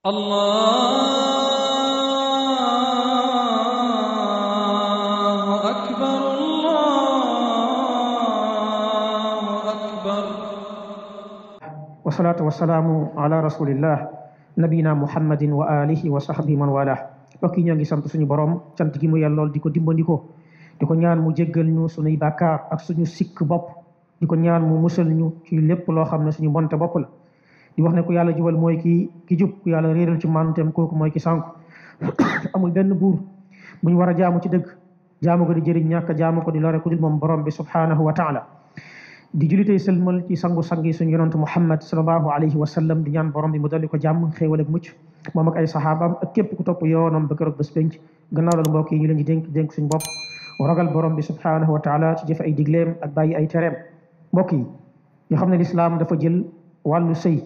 الله أكبر الله أكبر والصلاة والسلام على رسول الله نبينا محمد وآله وصحبه من والاه بكين يانغي سانتو سوني بروم سانت كيمو يالول ديكو ديمبانديكو ديكو نيان مو جيغل نيو سوني باكار اك سوني سيك بوب ديكو نيان مو موسل نيو كي ليپ لو خامنا سوني مونتا بوب لا di wax ne ku yàlla jubal mooy ki ki jub ku yàlla réeral ci maanduteem kooku mooy ki sànku amul benn buur bu ñu war a jaamu ci dëgg jaamu ko di jëriñ ñàkk jaamu ko di lore ku dul moom borom bi subhanahu wa taala di julitey sëlmal ci sangu-sang yi suñu yonantu muhammad salallahu alayhi wa sallam di ñaan borom bi mu dolli ko jàmm xéewal ak mucc moom ak ay saxaabaam ak képp ku topp yoonam ba keroog bés penc gannaaw loolu mbokk yi ñu leen di dénk dénk suñu bopp ragal borom bi subhanahu wa taala ci jëfe ay digleem ak bàyyi ay tereem mbokk yi ñu xam ne lislaam dafa jël wàllu sëy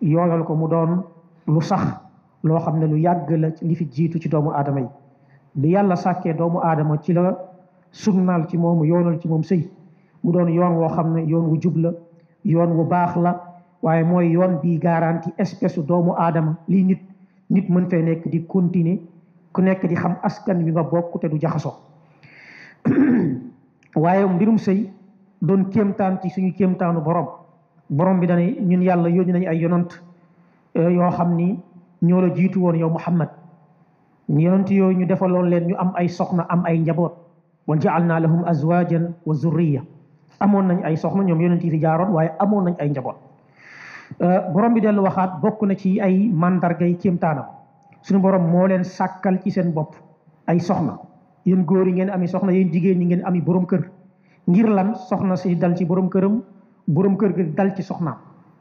yoolal ko mu doon lu sax loo xam ne lu yàgg la li fi jiitu ci doomu aadama yi li yàlla sàkkee doomu aadama ci la sunnaal ci moomu yoonal ci moom sëy mu doon yoon woo xam ne yoon wu jubla yoon wu baax la waaye mooy yoon bi garanti espèce doomu aadama lii nit nit mën fee nekk di continuer ku nekk di xam askan wi nga bokk te du jaxasoo waaye mbirum sëy doon kéemtaan ci suñu kéemtaanu borom borom bi dane ñun yàlla yónni nañu ay yonant euh, yoo xam ni ñoo la jiitu woon yow muhammad yonant yooyu ñu defaloon leen ñu am ay soxna am ay njaboot wa jaalna lahum azwajan wa zurriya amoon nañ ay soxna ñoom yonent yi fi jaaroon waaye amoon nañ ay njaboot euh, borom bi dellu waxaat bokk na ci ay mandargay kéemtaanam suñu borom moo leen sàkkal ci seen bopp ay soxna yéen góor yi ngeen ami soxna yéen jigéen ñi ngeen ami boroom kër ngir lan soxna si dal ci boroom këram boroom kër gi dal ci soxnaam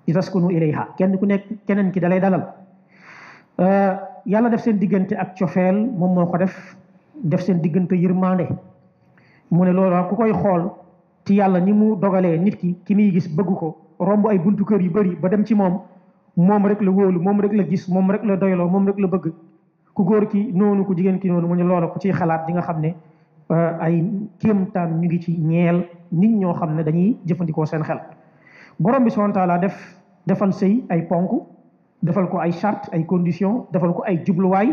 itaskunu ilayha kenn ku nekk keneen ki dalay dalal euh, yàlla def seen diggante ak cofeel moom moo ko def def seen diggante yërmande mu ne loolu ku koy xool ci yàlla ni mu dogalee nit ki ki muy gis bëgg ko romb ay buntu kër yu bari ba dem ci moom moom rek la wóolu moom rek la gis moom rek la doyloo moom rek la bëgg ku góor ki noonu ku jigéen ki noonu mu ne loolu ku ciy xalaat di nga xam ne euh, ay kéemtaan ñu ngi ci ñeel nit ñoo xam ne dañuy jëfandikoo seen xel borom bi subhanahu wa taala def defal sëy ay ponk defal ko ay charte ay condition defal ko ay jubluwaay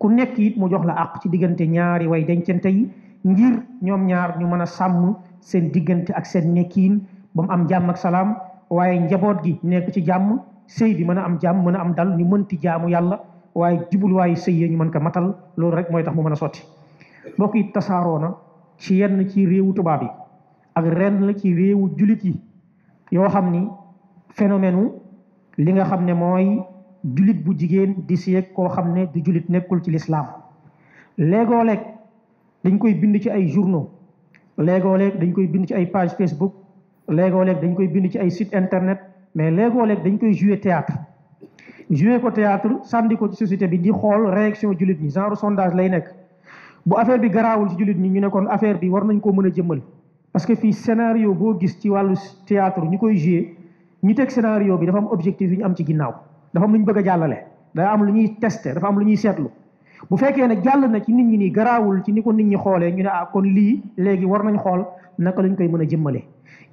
ku nekk it mu jox la ak ci diggante ñaari way dencante yi ngir ñoom ñaar ñu mën a sàmm seen diggante ak seen nekkiin ba mu am jàmm ak salaam waaye njaboot gi nekk ci jàmm sëy bi mën a am jàmm mën a am dal ñu mënti jaamu yàlla waaye jubluwaayu sëy yi ñu mën ka matal loolu rek mooy tax mu mën a sotti mbokk yi tasaaroo na ci yenn ci réewu tubaab yi ak ren ci réewu jullit yi yoo xam ni phénomène li nga xam ne mooy julit bu jigéen di siyeg koo xam ne du julit nekkul ci lislaam léegoo dañ koy bind ci ay journaux léegoo dañ koy bind ci ay page facebook léegoo leeg dañ koy bind ci ay site internet mais léegoo leeg dañ koy jouer théâtre jouer ko théâtre sandi ko ci société bi di xool réaction julit ñi genre sondage lay nekk bu affaire bi garaawul ci julit ñi ñu ne kon affaire bi war nañ koo mën a jëmmal parce que fii scénario boo gis ci wàllu théâtre ñu koy joué ñu teg scénario bi dafa am objectif yu ñu am ci ginnaaw dafa am lu ñu bëgg jàllale dafa am lu ñuy testé dafa am lu ñuy seetlu bu fekkee ne jàll na ci nit ñi nii garaawul ci ni ko nit ñi xoolee ñu ne a ah, kon lii léegi war nañ xool naka lañ koy mën a jëmmale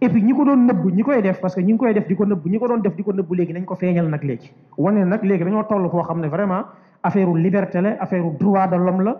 et puis ñi ko doon nëbb ñi koy def parce que ñi ngi koy def di ko nëbb ñi ko doon def di ko nëbb léegi nañ ko feeñal nag léegi wane nag léegi dañoo toll foo xam ne vraiment affaire liberté la affaire droit de l'homme la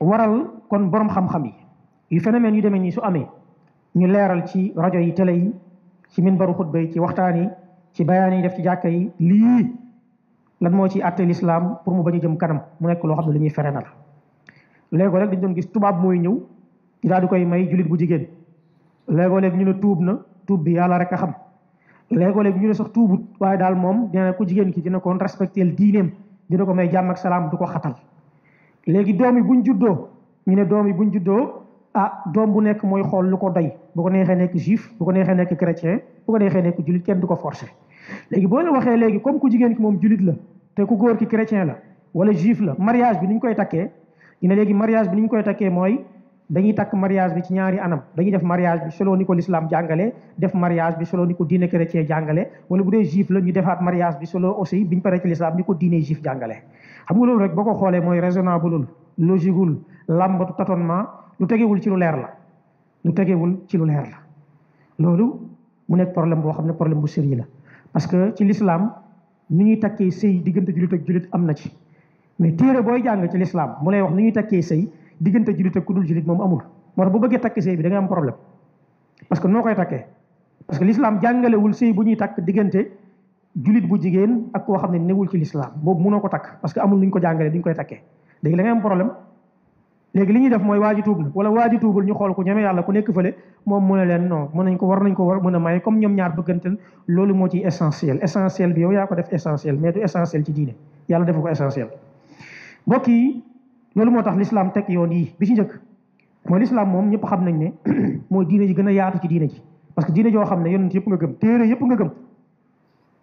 waral kon boroom xam-xam yi yu phénomène yu deme nii su amee ñu leeral ci rajo yi télé yi ci minbaru xutba yi ci waxtaan yi ci bayaan yi def ci jàkka yi lii lan moo ci àtte lislaam pour mu bañ jëm kanam mu nekk loo xam ne li ñuy na la léegoo rek dañ doon gis tubaab mooy ñëw daal di koy may jullit bu jigéen léegoo léegi ñu ne tuub na tuub bi yàlla rek a xam léegoo ñu ne sax tuubut waaye daal moom dina ku jigéen ki dina ko respecté diineem dina ko may jàmm ak salaam du ko xatal léegi doom yi buñ juddoo ñu ne doom yi bu ñu juddoo ah doom bu nekk mooy xool lu ko doy bu ko neexee nekk juif bu ko neexee nekk chrétien bu ko neexee nekk kenn du ko force léegi boo leen waxee léegi comme ku jigéen ki moom julit la te ku góor ki chrétien la wala juif la mariage bi nu ñu koy takkee ñu ne léegi mariage bi ni ñu koy takkee mooy dañuy takk mariage bi ci ñaari anam dañuy def mariage bi solo ni ko l'islam jàngale def mariage bi solo ni ko diine chrétien jàngale wala bu dee juif la ñu defaat mariage bi selon aussi biñu paree ci l'islam ni ko diine juif jàngale xam nga loolu rek boo ko xoolee mooy bu raisonnableul logigul làmbatu tâtonnement lu tegewul ci lu leer la lu tegewul ci lu leer la loolu mu nekk problème boo xam ne problème bu sérieux la parce que ci l'islam ni ñuy takkee sëy diggante jullit ak jullit am na ci mais téere booy jàng ci l'islam mu lay wax ni ñuy takkee sëy diggante jullit ak ku dul jullit moom amul moo tax bu bëggee takk sëy bi da am problème parce que noo koy takkee parce que l'islam jàngalewul sëy bu ñuy takk diggante julit bu jigen ak ko xamne ne newul ci l'islam boobu mënoo ko tak parce que amul nuñ ko jangale duñ koy takke léegi la ngay am problème léegi li def moy waaji tuub wala waaji tuubul ñu xol ko ñame yalla ku nekk fele mom mu ne leen non mën nañ ko war nañ ko war mën a may comme ñom ñaar bëggantel lolu mo ci essentiel essentiel bi yow ya ko def essentiel mais du essentiel ci diine yalla def ko essentiel mbokk lolu motax l'islam tek yoon yi bi ci jëk mooy l'islam mom xam nañ ne moy diine ji gëna yaatu ci diine ji parce que diine jo xamne yonent nga gëm téré yëpp nga gëm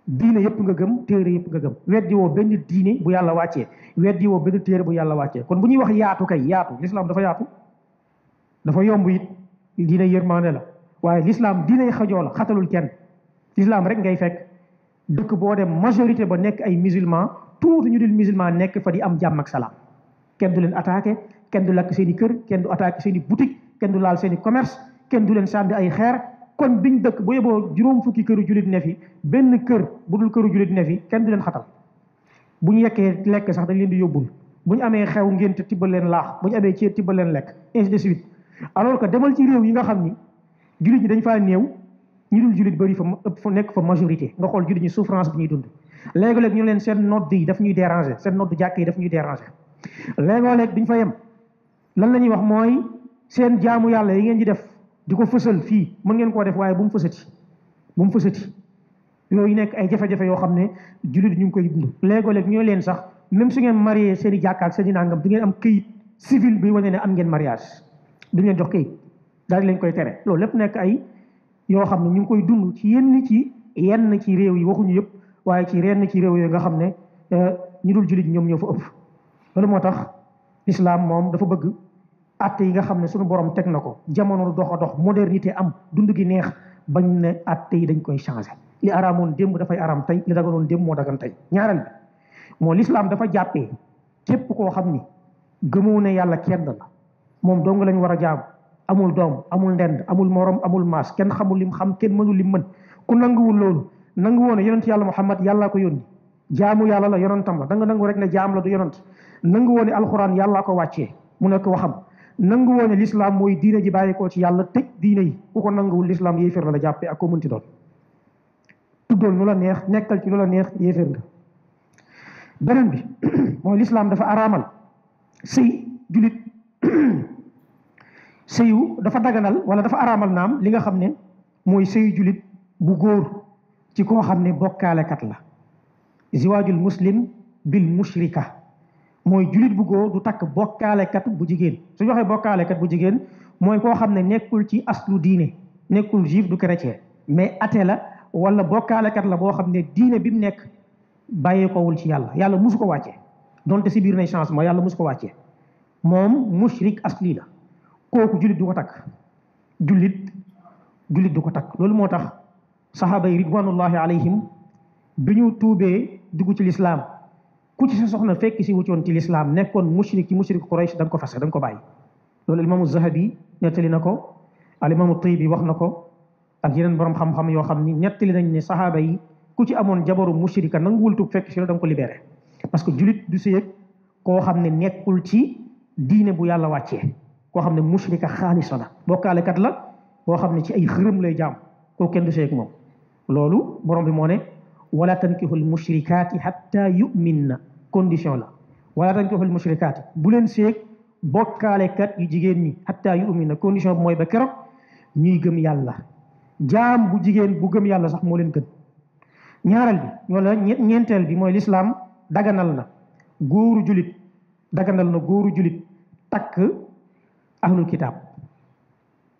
diine yépp nga gëm téere yépp nga gëm weddi woo benn diine bu yàlla wàccee weddi woo benn téere bu yàlla wàccee kon bu ñuy wax yaatu kay yaatu l'islam dafa yaatu dafa yomb it diine yërmaane la waaye l'islam diine xajoo la xatalul kenn l'islam rek ngay fekk dëkk boo dem majorité ba nekk ay musulman tout ñu dul musulman nekk fa di am jàmm ak salaam kenn du leen attaqué kenn du lakk seeni kër kenn du attaqué seeni boutique kenn du laal seeni commerce kenn du leen sànni ay xeer koñ biñ dëkk bu yeboo juróom fukki këru jullit ne fi benn kër bu dul këru jullit ne fi kenn du leen xatal bu ñu yekkee lekk sax dañ leen di yóbbul bu ñu amee xew ngeen te tibbal leen laax bu ñu amee ceeb tibbal leen lekk ainsi de suite alors que demal ci réew yi nga xam ni jullit ñi dañ faa néew ñu dul jullit bari fa ëpp fa nekk fa majorité nga xool jullit ñi souffrance bi ñuy dund léegi-léeg ñu leen seen nodd yi daf ñuy déranger seen nodd jàkk yi daf ñuy déranger léegoo léeg fa yem lan la ñuy wax mooy seen jaamu yàlla yi ngeen di def di ko fësal fii mën ngeen koo def waaye bu mu fësati bu mu fësati yooyu nekk ay jafe-jafe yoo xam ne jullit ñu ngi koy dund léegoo-léeg leen sax même su ngeen marié seen i jàkkaak seen i nangam du ngeen am këyit civil bi wane ne am ngeen mariage du ngeen jox këyit daal leen koy tere loolu lépp nekk ay yoo xam ne ñu ngi koy dund ci yenn ci yenn ci réew yi waxuñu yëpp waaye ci yenn ci réew yooyu nga xam ne euh, ñu dul jullit ñoom ñoo fa ëpp loolu moo tax islam moom dafa bëgg atte yi nga xam ne suñu borom teg na ko jamono dox a dox modernité am dund gi neex bañ ne atte yi dañ koy changé li araamoon démb dafay aram tey li dagaloon démb moo dagan tey ñaareel bi moo lislaam dafa jàppee képp koo xam ni gëmoo ne yàlla kenn la moom dong lañ war a jaamu amul doom amul ndend amul morom amul maas kenn xamul lim xam kenn mënul lim mën ku nanguwul loolu nangu woon ne yonent yàlla Muhammad yàllaa ko yónni jaamu yàlla la yonentam la da nga nangu rek ne jaam la du yonent nangu woon ne alxuraan yàllaa ko wàccee mu nekk waxam nangu wone l'islam moy diine ji bàyyeekoo ci yàlla tëj diine yi ku ko nanguwul l'islam yéefér la jàppe ak ko munti doon tuddal nu la neex nekkal ci lula neex yéefér nga benen bi moy l'islam dafa aramal sëy julit sëyu dafa daganal wala dafa aramal nam li nga xamne moy sey julit bu góor ci ko xamne bokale kat la ziwajul muslim bil mushrikah mooy julit bu góor du takk bokkaalekat bu jigéen su waxee bokkaalekat bu jigéen mooy koo xam ne nekkul ci aslu diine nekkul juif du chrétien mais athée la wala bokkaalekat la boo xam ne diine bi mu nekk bàyyi kowul ci yàlla yàlla musu ko wàcce donte si biir nay changement yàlla musu ko wàccee moom mushrik asli la kooku jullit du ko takk jullit jullit du ko takk loolu moo tax sahaaba yi ridwanullahi alayhim bi ñu tuubee dugg ci lislaam ku ci sa soxna fekk si wutoon ci lislaam nekkoon mushrik ci mushrik Quraysh da ko fase da nga ko bàyyi loolu imaamu Zahabi nettali na ko al imaamu wax na ko ak yeneen borom xam-xam yoo xam ni nettali nañ ne saxaaba yi ku ci amoon jabaru mushrika nanguwul tub fekk si la da nga ko libéré parce que julit du si yëg koo xam ne nekkul ci diine bu yàlla wàcce koo xam ne mushrika xaalisa la bokkaalekat la boo xam ne ci ay xërëm lay jaam koo kenn du si yëg moom loolu borom bi moo ne wala tankihul mushrikaati xatta yumin na condition la wala tankihul mushrikaati bu leen seeg bokkaalekat yu jigéen ñi xatta yumin na condition bi mooy ba keroog ñuy gëm yàlla jaam bu jigéen bu gëm yàlla sax moo leen gën ñaareel bi wala ñeenteel bi mooy lislaam daganal na góoru julit daganal na góoru julit takk ahlul kitaab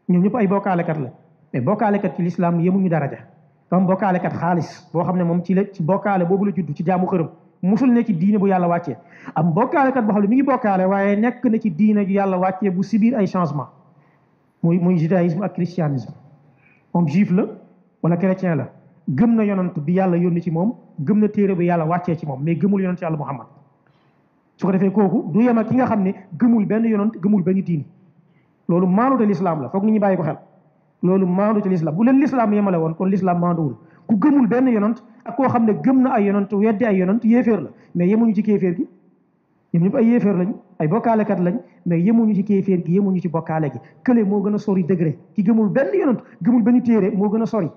ñoom ñëpp ay bokkaalekat la mais bokkaalekat ci lislaam yemuñu daraja dafa bokale kat khalis bo xamne mom ci la ci bokale bobu la judd ci jamu xërëm musul ne ci diine bu yàlla wacce am bokale kat boo xam mi ngi bokale waye nek na ci diine ju yàlla wacce bu sibir ay changement muy muy judaïsme ak christianisme on jif la wala chrétien la gëm na yonent bi yàlla yoni ci mom gëm na téré bu yàlla wacce ci mom mais gëmul yonent yàlla muhammad su ko defé koku du yem ki nga xamne gëmul ben yonent gëmul ben diine lolu manu de l'islam la fokk nit ñi bayiko xel loolu mandu ci l'islam bu len l'islam yemale won kon lislaam maanduwul ku gëmul ben yonent ak ko xamné gëm na ay yonent weddi ay yonent yéfer la mais yemuñu ci kéfer gi ñoom ñëpp ay yéfer lañ ay bokalé kat lañ mais yemuñu ci kéfer gi yemuñu ci bokalé gi kële mo gëna sori degré ki gëmul ben yonent gëmul ben téré mo gëna sori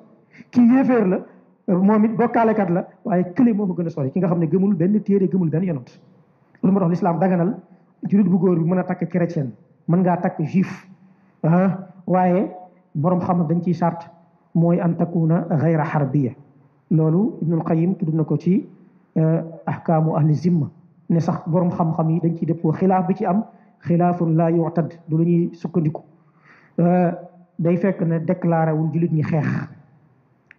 ki yéfer la momit bokalé kat la waye kële mo gëna sori ki nga xamné gëmul ben téré gëmul ben yonent lu mo tax l'islam daganal julit bu góor bi mëna tak chrétien mën nga tak juif waaye borom xam dañ ciy charte mooy an takuna xayra xarbiya loolu ibnul qayim tudd na ko ci ahkaamu ahli zimma ne sax borom xam-xam yi dañ ciy dëppoo xilaaf bi ci am xilaafun laa yuctad du lu ñuy sukkandiku day fekk ne déclaré wul julit ñi xeex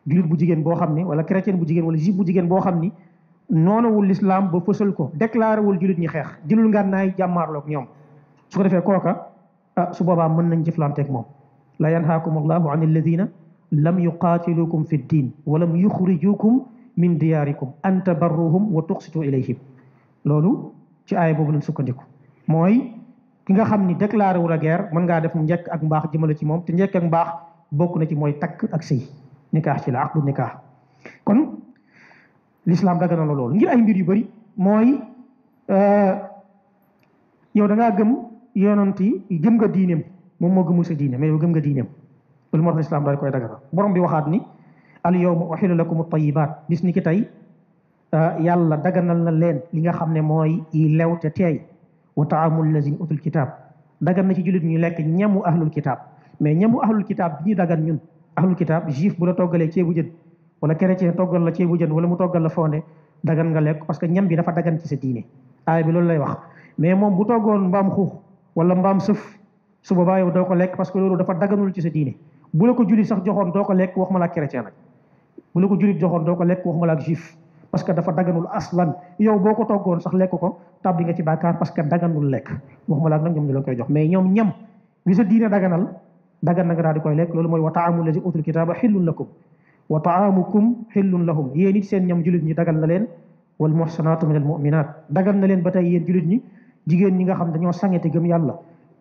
julit bu jigéen boo xam wala chrétien bu jigéen wala juif bu jigéen boo xam ni noonawul lislaam ba fësal ko déclaré wul julit ñi xeex jëlul ngànnaay jàmmaarloog ñoom su ko defee kooka ah su boobaa mën nañ jëflanteeg moom لا ينهاكم الله عن الذين لم يقاتلوكم في الدين ولم يخرجوكم min diyaarikum an tabarruhum wa tuqsitu ilayhim loolu ci aaya boobu lañ sukkandiku mooy ki nga xam ni déclaré wu la guerre mën ngaa def mu njëkk ak mbaax jëmale ci moom te njëkk ak mbaax bokk na ci mooy takk ak sëy nikaax ci la aqdu nikaax kon l'islam daga na la loolu ngir ay mbir yu bëri mooy yow da ngaa gëm yonanti gëm nga diineem moom moo gëmul sa diine mais yow gëm nga diineem loolu moo tax islam daal al ah, na leen li nga xam ne mooy lew te teey wa taamul lazin utul kitaab dagan na ci jullit ñu lekk ñamu ahlul kitaab mais ñamu ahlul kitaab bi ñu dagan ñun ahlul kitaab juif bu la toggalee ceebu jën wala chrétien toggal la ceebu jën wala mu toggal la fonde dagan nga lekk parce que ñam bi dafa dagan ci sa diine aaya bi loolu lay wax mais moom bu toggoon mbaam xuux wala mbaam sëf su boobaa yow doo ko lekk parce que loolu dafa daganul ci sa diine bu la ko jullit sax joxoon doo ko lekk wax ma laa chrétien nag bu la ko jullit joxoon doo ko lekk wax laa juif parce que dafa daganul aslan yow boo ko toggoon sax lekk ko tàbbi nga ci bàkkaar parce que daganul lekk wax laa nag koy jox mais ñoom ñam bi sa daganal dagan na nga daal di koy lekk loolu mooy wa taamu lazi utul kitaaba xillun lakum wa taamukum xillun lahum seen ñam jullit ñi dagal na leen wal muhsanaatu min al na leen ba tey yéen jullit ñi ñi nga xam dañoo sangete gëm yàlla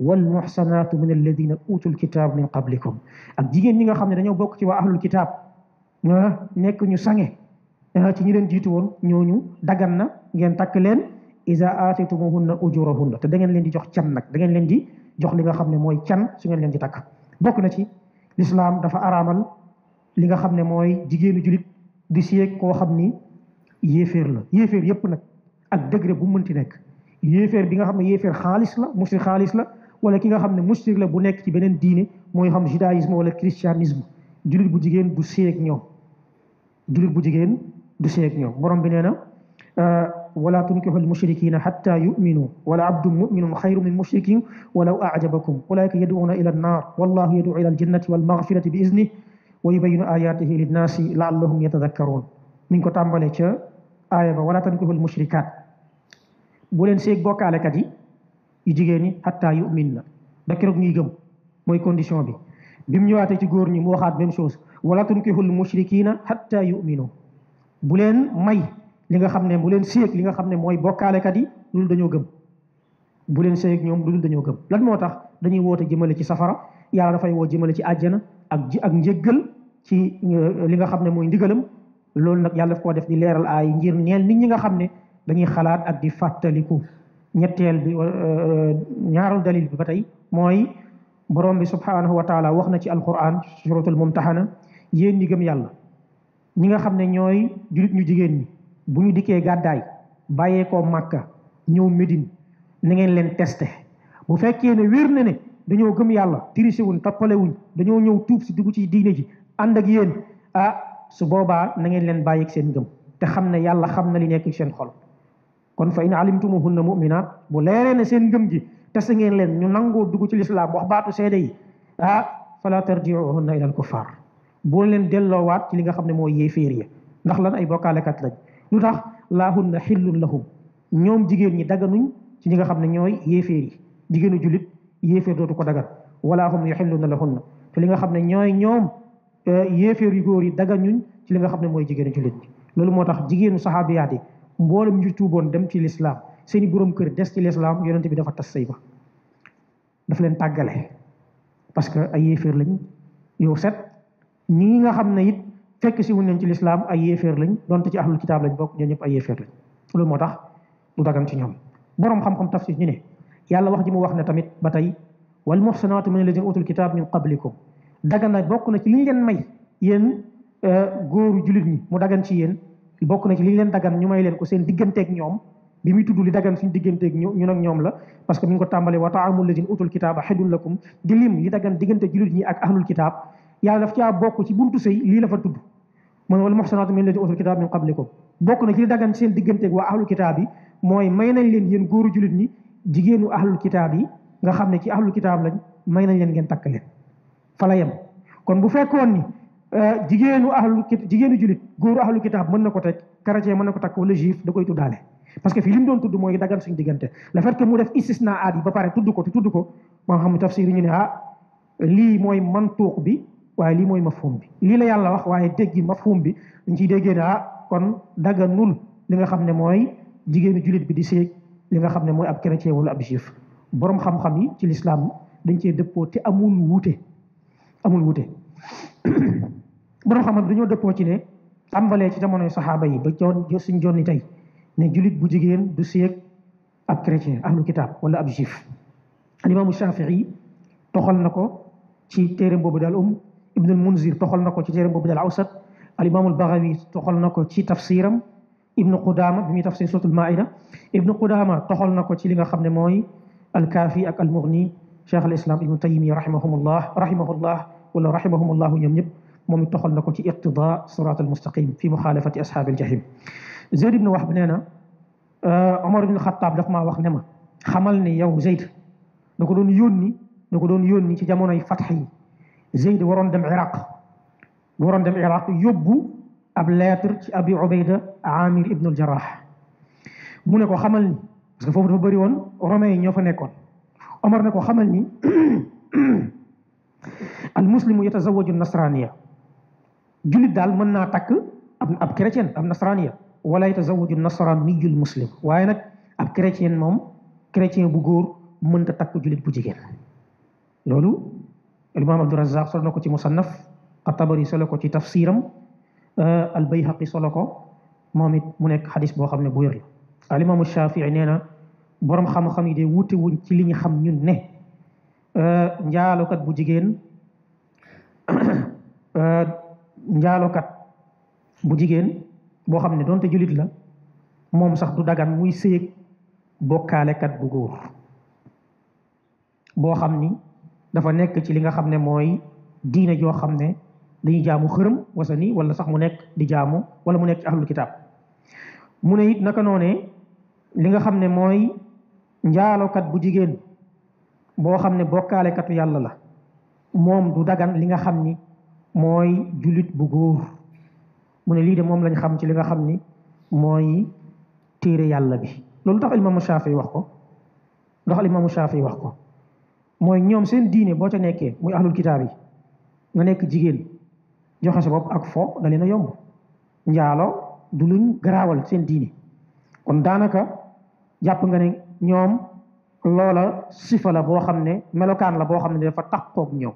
والمحصنات من الذين اوتوا الكتاب من قبلكم اك جيجين نيغا خامني دانيو بوك تي وا اهل الكتاب نيكو ني سانغي تي ني لين جيتو وون ньо ญ و دغاننا نين تاك لين اذا اتيتمهن اجورهن تا داغين لين دي جوخ تيان نك داغين لين دي جوخ ليغا خامني موي تيان سوغين لين دي تاك بوك نا تي الاسلام دا فا ارامل ليغا خامني موي جيجين جوليت دي سيك كو خامني ييفير لا ييفير ييب نك اك دغري بو مونتي نك yéeféer bi nga xam ne yéeféer xaalis la musri xaalis wala ki nga xamne mushrik la bu nek ci benen diine moy xam judaïsme wala christianisme julit bu jigen du seek ñom julit bu jigen du seek ñom borom bi nee na ولا تنكحوا المشركين حتى يؤمنوا ولا عبد مؤمن خير من مشرك ولو أعجبكم أولئك يدعون إلى النار والله يدعو إلى الجنة والمغفرة بإذنه ويبين آياته للناس لعلهم يتذكرون من كتاب آية ولا تنكحوا المشركات بولن سيك بوكالكدي jigéen ñi xattaa yumin na ba ñuy gëm mooy condition bi bi ñëwaatee ci góor ñi mu waxaat même chose wala tunkihul mushrikina xatta yuminu bu leen may li nga xam ne bu leen séeg li nga xam ne mooy bokkaalekat yi lu dañoo gëm bu leen séeg ñoom du dul dañoo gëm lan moo tax dañuy woote jëmale ci safara yàlla dafay woo jëmale ci àjjana ak ak njëggal ci euh, li nga xam ne mooy ndigalam loolu nag yàlla daf koo def di leeral ay ngir neel nit ñi nga xam ne dañuy xalaat ak di fàttaliku ñetteel bi euh, euh, ñaaru dalil bi ba tey mooy borom bi subhanahu wa wax na ci alquran suratul mumtahana yéen ñi gëm yàlla ñi nga xam ne ñooy jullit ñu jigéen ñi bu ñu dikkee gàddaay bàyyeekoo màkka ñëw médine na ngeen leen teste bu fekkee ne wér na ne dañoo gëm yàlla triché wuñ toppale dañoo ñëw tuub si dugg ci diine ji ànd ak yéen ah su boobaa na ngeen leen bàyyi seen gëm te xam ne yàlla xam na li nekk seen xol kon fa in alimtumuhunna mu'minaat bu leeree ne seen ngëm te tese ngeen leen ñu nangoo dugg ci lislaam wax baatu seede yi ah fala tarjiuhunna ila al kuffar boo leen delloowaat ci li nga xam ne mooy yéeféer ya ndax lan ay bokkaalekat lañ lu tax laahunna xillun lahum ñoom jigéen ñi daganuñ ci ñi nga xam ne ñooy yéeféer yi jigéenu julit yéeféer dootu ko dagan wala hum yuxilluna lahunna te li nga xam ne ñooy ñoom eh, yéeféer yu góor yi daganuñ ci li nga xam ne mooy jigéenu jullit loolu moo tax jigéenu saxaabiyaat yi mboolem ñu tuuboon dem ci lislaam seeni boroom kër des ci lislaam yonent bi dafa tas say ba daf leen tàggale parce que ay yéeféer lañ yow set ñi nga xam ne it fekk si wuñ leen ci lislaam ay yéeféer lañ donte ci ahlul kitaab lañ bokk ñoo ñëpp ay yéeféer lañ loolu moo tax du dagan ci ñoom boroom xam-xam tafsir ñu ne yàlla wax ji mu wax ne tamit ba tey wal muhsanaatu la alladina utul kitaab min qablikum dagan na bokk na ci liñ leen may yéen euh, góoru jullit ñi mu dagan ci yéen bokk na ci li leen ñu may leen ko seen digganteeg ñoom bi muy tudd li dagan suñu digganteeg ñoom wa taamul ladin utul kitaaba xidul lakum di lim li dagan diggante jullit ñi ak ahlul kitaab yàlla daf caa bokk ci buntu sëy lii la fa tudd mooy may nañ leen yéen góoru jullit ñi jigéenu ahlul kitaab yi nga xam ne ci ahlul kitaab lañ may nañ leen ngeen takk leen fa la yem kon bu fekkoon ni Eh, jigéenu ahlu kit jigéenu julit góoru ahlu kitaab mën na ko teg chrétien mën na ko takk wala juif da koy tuddaale parce que fii mu doon tudd mooy dagan suñ diggante le fait que mu def istisna aat yi ba pare tudd ko te tudd ko moo xam tafsir ñu ne ah lii mooy mantuuq bi waaye lii mooy mafhum bi lii la yàlla wax waaye déggi mafhum bi dañ ciy déggee ne ah, kon daganul li nga xam ne mooy jigéenu julit bi di séeg li nga xam ne mooy ab chrétien wala ab juif borom xam-xam yi ci lislaam dañ cee dëppoo te amul wuute amul wuute borom xamat dañoo dëppoo ci ne tàmbalee ci jamonoy saxaaba yi ba joon suñ jonni tey ne julit bu jigéen du seeg ab chrétien ahlu kitab wala ab juif alimaamu shafii toxal na ko ci téeréem boobu daal um ibnul munzir toxal na ko ci téeréem boobu daal awsat alimaamul bagawi toxal na ko ci tafsiram ibnu qudama bi muy tafsir suratul maida ibnu qudama toxal na ko ci li nga xam ne mooy alkaafi ak almugni cheikh al islam ibnu taymiya rahimahumullah rahimahullah wala rahimahumullahu ñoom ñëpp موم تخول نكو سي اقتضاء صراط المستقيم في مخالفه اصحاب الجحيم زيد بن وهب نانا آه، عمر بن الخطاب داف ما واخ نما خمالني يو زيد نكو يوني نكو يوني سي جامونو زيد ورون دم عراق ورون دم عراق يبو أبلاتر ابي عبيده عامر ابن الجراح مونيكو خمالني باسكو فوفو بري وون رومي ньоفا نيكون عمر نكو خمالني المسلم يتزوج النصرانيه jullit daal mën naa takk ab ab chrétien ab nasraniya wala yatazawaju nasraniyul muslim waaye nag ab chrétien moom chrétien bu góor mënta takk jullit bu jigéen loolu imaam Abdurazaq solo na ko ci musannaf at-Tabari solo ko ci tafsiram euh, al-Bayhaqi solo ko moom it mu nekk xadis boo xam ne bu wér la al-imaamu Shafii nee na borom xam-xam yi de wuute wuñ ci li ñu xam ñun ne euh, njaalokat bu jigéen euh, njaalokat bu jigéen boo xam ne doonte jullit la moom sax du dagan muy séyeg bokkaalekat bu góor boo xam ni dafa nekk ci li nga xam ne mooy diine joo xam ne dañuy jaamu xërëm wasani wala sax mu nekk di jaamu wala mu nekk ci ahlul kitaab mu ne it naka noone li nga xam ne mooy njaalookat bu jigéen boo xam ne bokkaalekatu yàlla la moom du dagan li nga xam ni mooy julit bu góor mu ne lii de moom lañ xam ci li nga xam ni mooy téere yàlla bi loolu tax imaamu Shaafi wax ko ndax imaamu Shaafi wax ko mooy ñoom seen diine boo ca nekkee muy ahlul kitaab yi nga nekk jigéen joxe si bopp ak fo da leen a yomb njaalo du luñ garaawal seen diine kon daanaka jàpp nga ne ñoom loola sifa la boo xam ne melokaan la boo xam ne dafa taqoog ñoom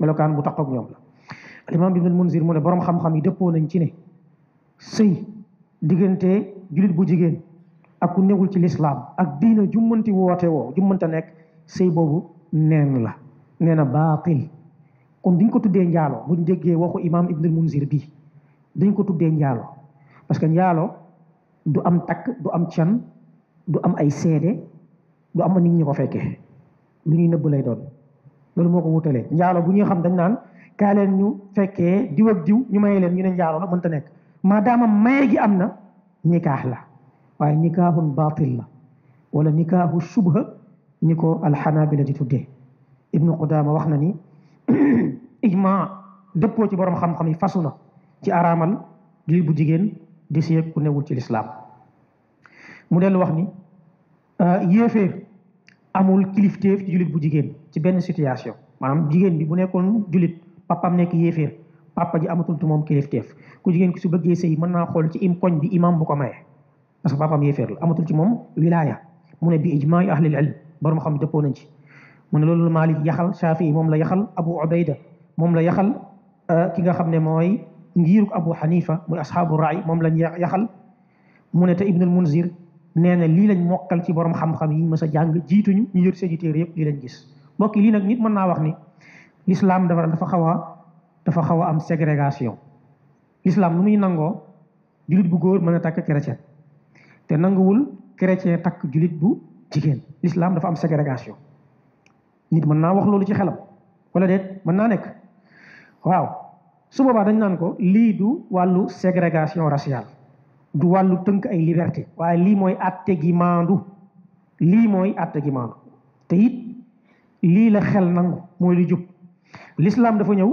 melokaan bu taqoog ñoom la alimaam ibnul munzir mu ne borom xam-xam yi dëppoo ci ne sëy diggante julit bu jigéen ak ku newul ci lislaam ak diina jummanti woote woo jummanta nekk sëy boobu neen la nee na baatil kon duñ ko tuddee njaalo buñ déggee waxu imaam ibnul munzir bi duñ ko tuddee njaalo parce que njaalo du am takk du am can du am ay seede du am nit ñi ko fekkee lu ñuy nëbb lay doon loolu moo ko wutalee njaalo bu ñuy xam dañ naan kaa leen ñu fekkee diw diw ñu may leen ñu ne njaaroo la mënta nekk maadaama maye gi am na nikaax la waaye nikaahun baatil la wala nikaahu shubha ni ko alxanaabila di tuddee ibnu qudaama wax na ni ijmaa dëppoo ci borom xam-xam yi fasu na ci araamal juy bu jigéen di séeg ku newul ci lislaam mu dellu wax ni euh, yéeféer amul kilifteef ci jullit bu jigéen ci benn situation maanaam jigéen bi bu nekkoon jullit papam nek yéeféer papa ji amatul ci moom kilifteef ku jigen ku su bëggee sëy mën na xol ci im koñ bi imam bu ko maye parce que papam yéeféer la amatul ci mom wilaya mu ne bi ahli ahlil ilm borom xam dëppoo nañ ci mu ne loolu malik yaxal shafii mom la yaxal abu ubayda mom la yaxal ki nga xamne moy ngiruk abu hanifa muy ashabu ra'i mom lañ yaxal mu ne ibn al munzir nee li lañ mokal ci borom xam-xam yi ñu mës jàng jitu ñu yor seeni téere yëpp li lañ gis mbokk li nak nit mën na wax ni Islam dafa dafa xawa dafa xawa am ségrégation Islam nu muy nango julit bu góor mën a takk chrétien te nanguwul chrétien takk julit bu jigéen Islam dafa am ségrégation nit mën naa wax loolu ci xelam wala déet mën naa nekk waaw su boobaa dañ naan ko lii du wàllu ségrégation raciale du wàllu tënk ay liberté waaye lii mooy atte gi maandu lii mooy atte gi maandu te it lii la xel nangu mooy li jub l'islam dafa ñew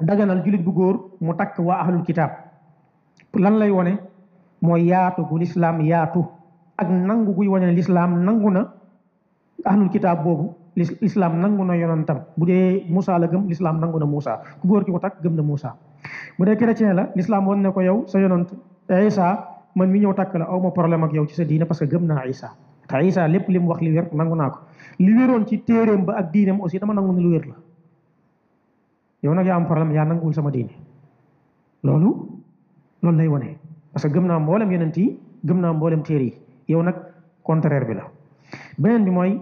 daganal julit bu goor mu tak wa ahlul kitab lan lay woné moy yaatu gu l'islam yaatu ak nangu guy woné l'islam nanguna ahlul kitab bobu l'islam nanguna na budé Musa la gem l'islam nanguna na ku goor ki ko tak gem na musa budé chrétien la l'islam won ko yow sa yonent Isa man mi ñew tak la awma problème ak yow ci sa diina parce que gem na Isa ta Isa lepp lim wax li wér nanguna ko li wéroon ci téréem ba ak diinam aussi dama nangu lu wér la yow nag yaa am problème yaa nanguwul sama diine loolu loolu lay wane parce que gëm naa mboolem yonent yi gëm naa mboolem téere yi yow nag contraire bi la beneen bi mooy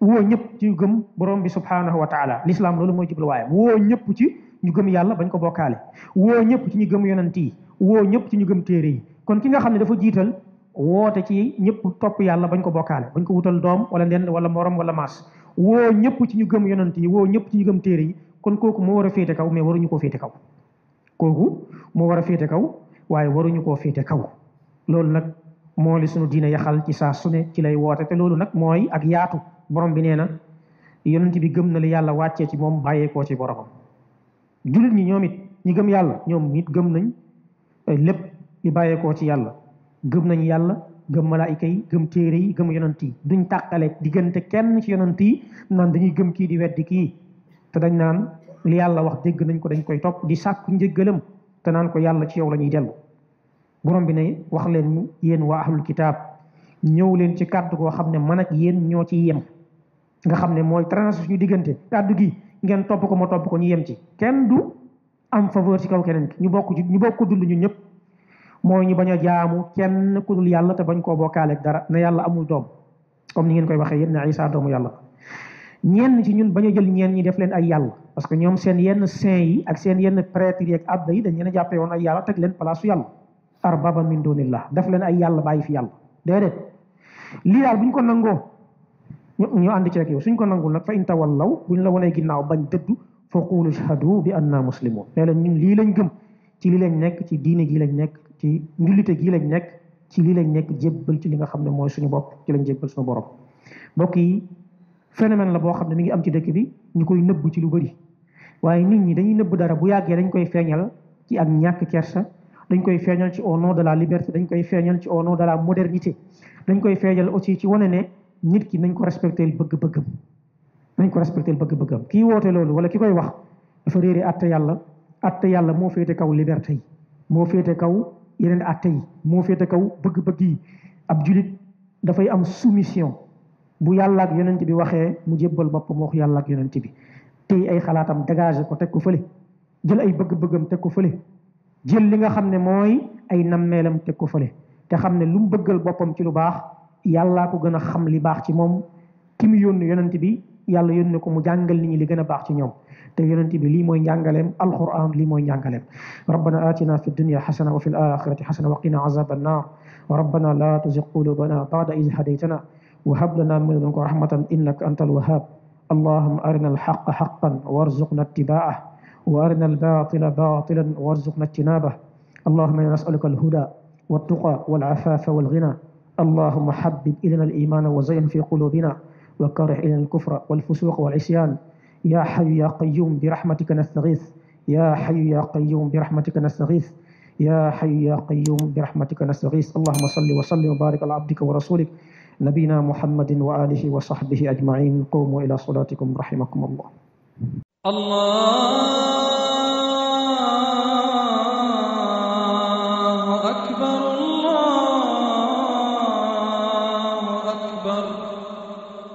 woo ñëpp ci gëm borom bi subhanahu wa taala l'islam loolu mooy jubluwaayam woo ñëpp ci ñu gëm yàlla bañ ko bokkaale woo ñëpp ci ñu gëm yonent yi woo ñëpp ci ñu gëm téere yi kon ki nga xam ne dafa jiital woote ci ñëpp topp yàlla bañ ko bokkaale bañ ko wutal doom wala nen wala morom wala maas woo ñëpp ñu gëm yonent yi woo ñëpp ci ñu gëm téere yi kon kooku moo war a féete kaw mais waruñu koo féete kaw kooku moo war a féete kaw waaye waruñu koo féete kaw loolu nag moo li sunu diine yaxal ci saa su ne ci lay woote te loolu nag mooy ak yaatu borom bi nee na yonent bi gëm na li yàlla wàccee ci moom bàyyeekoo ci boromam. jullit ñi ñoom it ñi gëm yàlla ñoom it gëm nañ eh, lépp li bàyyeekoo ci yàlla gëm nañ yàlla gëm malaayika yi gëm téere yi gëm yonent yi duñ tàqale diggante kenn ci yonent yi naan dañuy gëm kii di weddi kii. te dañ naan li yàlla wax dégg nañ ko dañ koy topp di sàkku njëggalam te naan ko yàlla ci yow la ñuy dellu borom bi ne wax leen yéen waa ahlul kitaab ñëw leen ci kàddu goo xam ne man ak yéen ñoo ci yem nga xam ne mooy tranche suñu diggante kàddu gi ngeen topp ko ma topp ko ñu yem ci kenn du am faveur ci kaw keneen ki ñu bokk ñu bokk dund ñun ñëpp mooy ñu bañ a jaamu kenn ku dul yàlla te bañ koo bokkaaleeg dara na yàlla amul doom comme ni ngeen koy waxee yéen ne isa doomu yàlla ñenn ci ñun bañu jël ñenn ñi def leen ay yàlla parce que ñoom seen yenn saint yi ak seen yenn prêtre yi ak abba yi dañ leen a jàppee woon ay yàlla teg leen place yàlla arbaba min dunillah def leen ay yàlla bàyyi fi yàlla déedéet lii daal buñ ko nangoo ñu ñu ci rek yow suñ ko nangul nag fa in tawallaw buñ la wonee ginnaaw bañ dëddu fa qulu shahadu bi anna muslimun nee leen ñun lii lañ gëm ci li lañ nekk ci diine gi lañ nekk ci njullite gi lañ nekk ci li lañ nekk jébbal ci li nga xam ne mooy suñu bopp ci lañ jébbal suñu borom mbokk phénomène la boo xam ne mu ngi am ci dëkk bi ñu koy nëbb ci lu bëri waaye nit ñi dañuy nëbb dara bu yàggee dañ koy feeñal ci ak ñàkk kersa dañ koy feeñal ci au nom de la liberté dañ koy feeñal ci au nom de la modernité dañ koy feeñal aussi ci wane ne nit ki nañ ko respecté bëgg-bëggam nañ ko respecté bëgg-bëggam kii woote loolu wala ki koy wax dafa réere atte yàlla atte yàlla moo féete kaw liberté yi moo féete kaw yeneen atte yi moo féete kaw bëgg-bëgg yi ab julit dafay am soumission bu yàlla ak yonent bi waxee mu jébbal boppam wax yàlla ak yonent bi tey ay xalaatam dégagé ko teg ko fële jël ay bëgg-bëggam teg ko fële jël li nga xam ne mooy ay nammeelam teg ko fële te xam ne lu mu bëggal boppam ci lu baax yàlla ko gën a xam li baax ci moom ki mu yonent bi yàlla yónni ko mu jàngal nit ñi li gën a baax ci ñoom te yonent bi lii mooy njàngaleem alquran lii mooy njàngaleem rabbana atina fi dunya xasana wa fi l xasana wa qina azaba annar wa rabbana la tuzig qulubana bada id hadaytana وهب لنا من لدنك رحمة إنك أنت الوهاب اللهم أرنا الحق حقا وارزقنا اتباعه وأرنا الباطل باطلا وارزقنا اجتنابه اللهم إنا نسألك الهدى والتقى والعفاف والغنى اللهم حبب إلينا الإيمان وزين في قلوبنا وكره إلينا الكفر والفسوق والعصيان يا حي يا قيوم برحمتك نستغيث يا حي يا قيوم برحمتك نستغيث يا حي يا قيوم برحمتك نستغيث اللهم صل وسلم وبارك على عبدك ورسولك نبينا محمد وآله وصحبه أجمعين قوموا إلى صلاتكم رحمكم الله الله